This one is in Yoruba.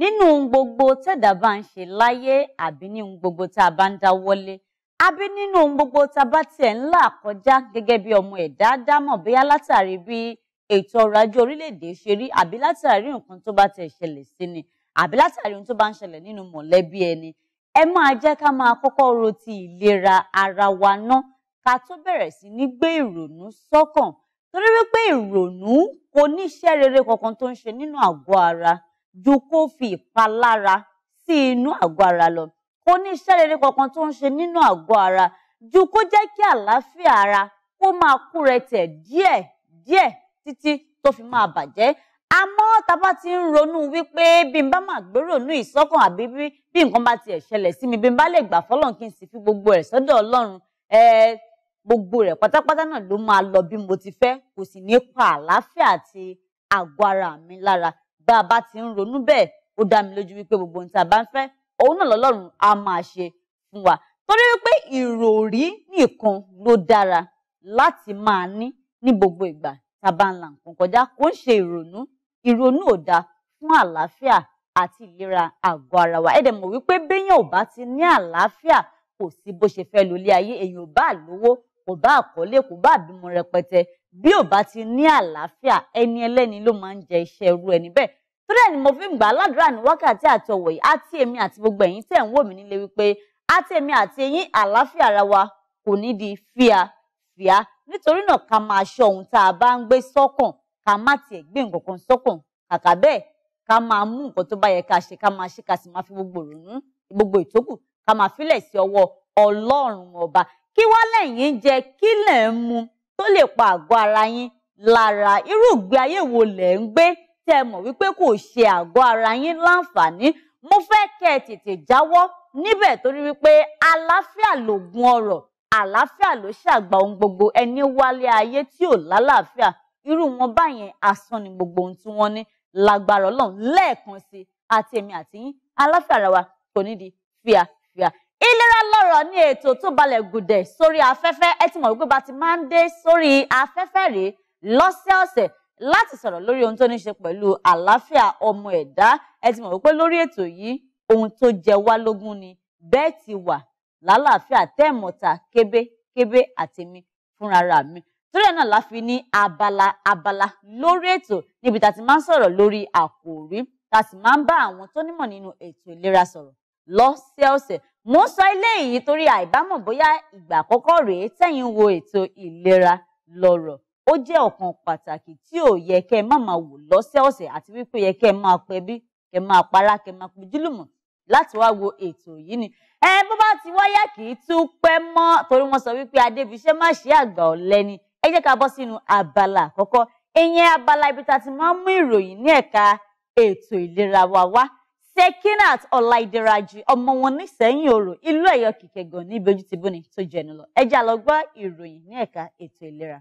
nínú gbogbo tẹ́dà bá ń ṣe láyé àbí nínú gbogbo tá a bá ń dáwọ́lé àbí nínú gbogbo tá a bá tiẹ̀ ń là kọjá gẹ́gẹ́ bí ọmọ ẹ̀dá dámọ̀ bóyá látàrí bí ètò ọrọ̀ ajé orílẹ̀-èdè ṣe rí àbí látàrí nǹkan tó bá tẹ̀ ṣẹlẹ̀ sí ni àbí látàrí ohun tó bá ń ṣẹlẹ̀ nínú mọ̀lẹ́bí ẹni ẹ máa jẹ́ ká máa kọ́kọ́ ro ti ìlera ara wa ná ká tó bẹ̀rẹ̀ sí ní gbé ìrònú sọ́kàn torí wípé ìrònú kò ní rere kankan tó ń ṣe nínú àgọ́ ara ju kó fi ìpalára sí inú àgọ́ ara lọ kò ní iṣẹ́ rere kankan tó ń ṣe nínú àgọ́ ara ju kó jẹ́ kí àlàáfíà ara kó máa kú rẹtẹ̀ díẹ̀ díẹ̀ títí tó fi máa bàjẹ́ àmọ́ tá bá ti ń ronú wípé bí n bá máa gbérònú ìsọ́kàn àbí bí nǹkan bá tiẹ̀ ṣẹlẹ̀ sí mi bí n bá lè gbà fọ́lọ́run kí n sì fi gbogbo ẹ̀ sọ́dọ̀ Ọlọ́run gbogbo rẹ̀ pátápátá náà ló máa lọ bí mo ti fẹ́ kò sì ní pa àlàáfíà àti àgọ́ ara mi lára bá a bá ti ń ronú bẹ́ẹ̀ ó dá mi lójú wípé gbogbo ohun tí a bá ń fẹ́ òun náà lọ́lọ́run á máa ṣe fún wa torí wípé ìròrí nìkan ló dára láti máa ní ní gbogbo ìgbà tá a bá ń la nǹkan kọjá kò ń ṣe ìrònú ìrònú ò dáa fún àlàáfíà àti ìlera àgọ́ ara wa ẹ̀dẹ̀ mọ̀ wípé béèyàn ò bá ti ní àlàáfíà kò sí bó ṣe fẹ́ lólé ayé èèyàn ò bá lówó kò bá àkọ́lé kò bá àbímọ rẹpẹtẹ bí ò bá ti ní àlàáfíà ẹni ẹlẹ́ni ló máa ń jẹ iṣẹ́ irú ẹni bẹ́ẹ̀ tó dẹ̀ ni mo fi ń gbà ládùúrà ní wákàtí àti ọ̀wọ̀ yìí àti èmi àti gbogbo ẹ̀yin tẹ̀ ń wò mí nílé wípé àti èmi àti ẹ̀yin àlàáfíà ara wa kò ní di fíà fíà nítorí náà ká máa ṣọ́ ohun tá a bá ń gbé sọ́kàn ká má tiẹ̀ gbé nǹkan kan sọ́kàn kàkà bẹ́ẹ̀ ká máa mú nǹkan tó bá yẹ ká ṣe ká máa ṣe ká sì máa fi gbogbo ìrònú gbogbo ìtókù ká máa filẹ̀ sí ọwọ́ ọlọ́run ọba kí wá lẹ́yìn jẹ kí lẹ̀ ń mu tó lè pa àgọ́ ara yín lára irú ìgbé ayé wo lẹ̀ ń gbé tẹ́ mọ̀ wípé kò ṣe àgọ́ ara yín láǹfààní mo fẹ́ kẹ́ tètè jáwọ́ níbẹ̀ torí wípé àlàáfíà lògùn ọrọ̀ àlàáfíà ló ṣàgbà ohun gbogbo ẹni wálé ayé tí ò lálàáfíà irú wọn báyẹn asán ni gbogbo ohun tí wọ́n ní lágbára Ọlọ́run lẹ́ẹ̀kan sí àti èmi àti yín àlàáfíà ara wa kò ní fíafíà ìlera lọ́rọ̀ ní ètò tó balẹ̀ gùdẹ̀ sórí afẹ́fẹ́ ẹ ti mọ̀ wípé bá ti máa ń dé sórí afẹ́fẹ́ rèé lọ́sẹ̀ọ̀sẹ̀ láti sọ̀rọ̀ lórí ohun tó ní ṣe pẹ̀lú àlàáfíà ọmọ ẹ̀dá ẹ ti mọ̀ wípé lórí ètò yìí ohun tó jẹ wá lógún ni bẹ́ẹ̀ ti wà lálàáfíà tẹ́ẹ̀mọ̀ta kébékébé àtèmi fúnrara mi torí ẹ̀ náà la ní abala abala lórí ètò níbi tá a ti máa ń sọ̀rọ̀ lórí àkòrí tá a sì máa ń bá àwọn tó nímọ̀ nínú ètò ìlera sọ̀rọ̀ lọ́sẹ̀ọ̀sẹ̀ mo ń sọ eléyìí torí àìbámọ̀ bóyá ìgbà àkọ́kọ́ rèé tẹ̀yin wo ètò ìlera lọ́rọ̀ ó jẹ́ ọ̀kan pàtàkì tí ò yẹ kẹ́ ẹ má máa wò lọ́sẹ̀ọ̀sẹ̀ àti wípé yẹ kẹ́ ẹ máa pẹbí kẹ́ ẹ máa para kẹ́ ẹ máa pojúlùmọ̀ láti wá wo ètò yìí ni. ẹ bó bá ti wáyà kì í tún pẹ́ mọ́ torí wọ́n sọ wípé adébíṣẹ́ má ṣe àgbà ọ̀lẹ ni ẹ jẹ́ ká bọ́ sínú abala àkọ́kọ́ ìyẹn abala ibi tá a ti máa ń mú ìròyìn ní ẹ̀ka ètò ìlera wa wá Sekinat Ọláìdíraji ọmọ wọn nísẹ̀yìn orò ìlú Ẹ̀yọ́ Kìkẹ̀gàn níbi ojú ti bóni tó jẹnu lọ ẹ jẹ́ lọ gbọ́ ìròyìn ní ẹ̀ka ètò ìlera.